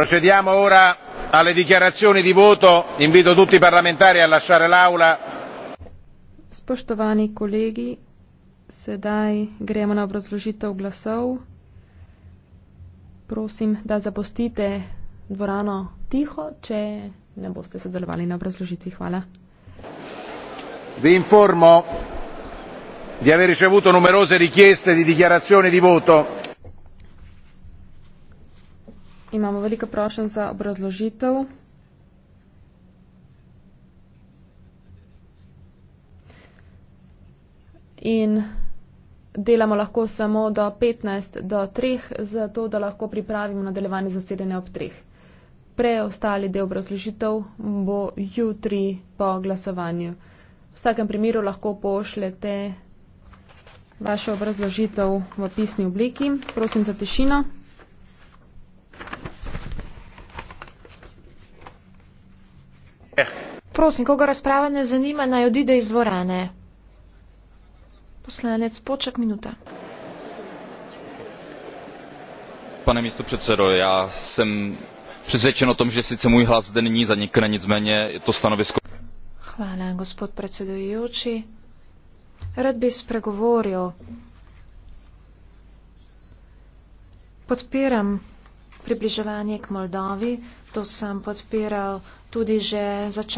procediamo ora alle dichiarazioni di voto invito tutti i parlamentari a lasciare l'aula. Spoštovani kolegi, sedaj gremo na obrazložitev glasov. Prosim, da zapustite dvorano tiho, če ne boste sodelovali na obrazložitvi. Hvala. Vi informo di aver ricevuto numerose richieste di dichiarazioni di voto imamo veliko prošen za obrazložitev. In delamo lahko samo do 15 do 3, zato da lahko pripravimo nadaljevanje zasedanja ob 3. Preostali del obrazložitev bo jutri po glasovanju. V vsakem primeru lahko pošljete vašo obrazložitev v pisni obliki. Prosim za tišino. Prosim, koga razprava ne zanima, naj odide iz dvorane. Poslanec, počak minuta. Pane místo předsedo, já jsem přesvědčen o tom, že sice můj hlas zde není zanikne, nicméně je to stanovisko. Hvala, gospod predsedujúči. Rad bi spregovoril. Podpiram približevanje k Moldovi, to sem podpiral tudi že za čas.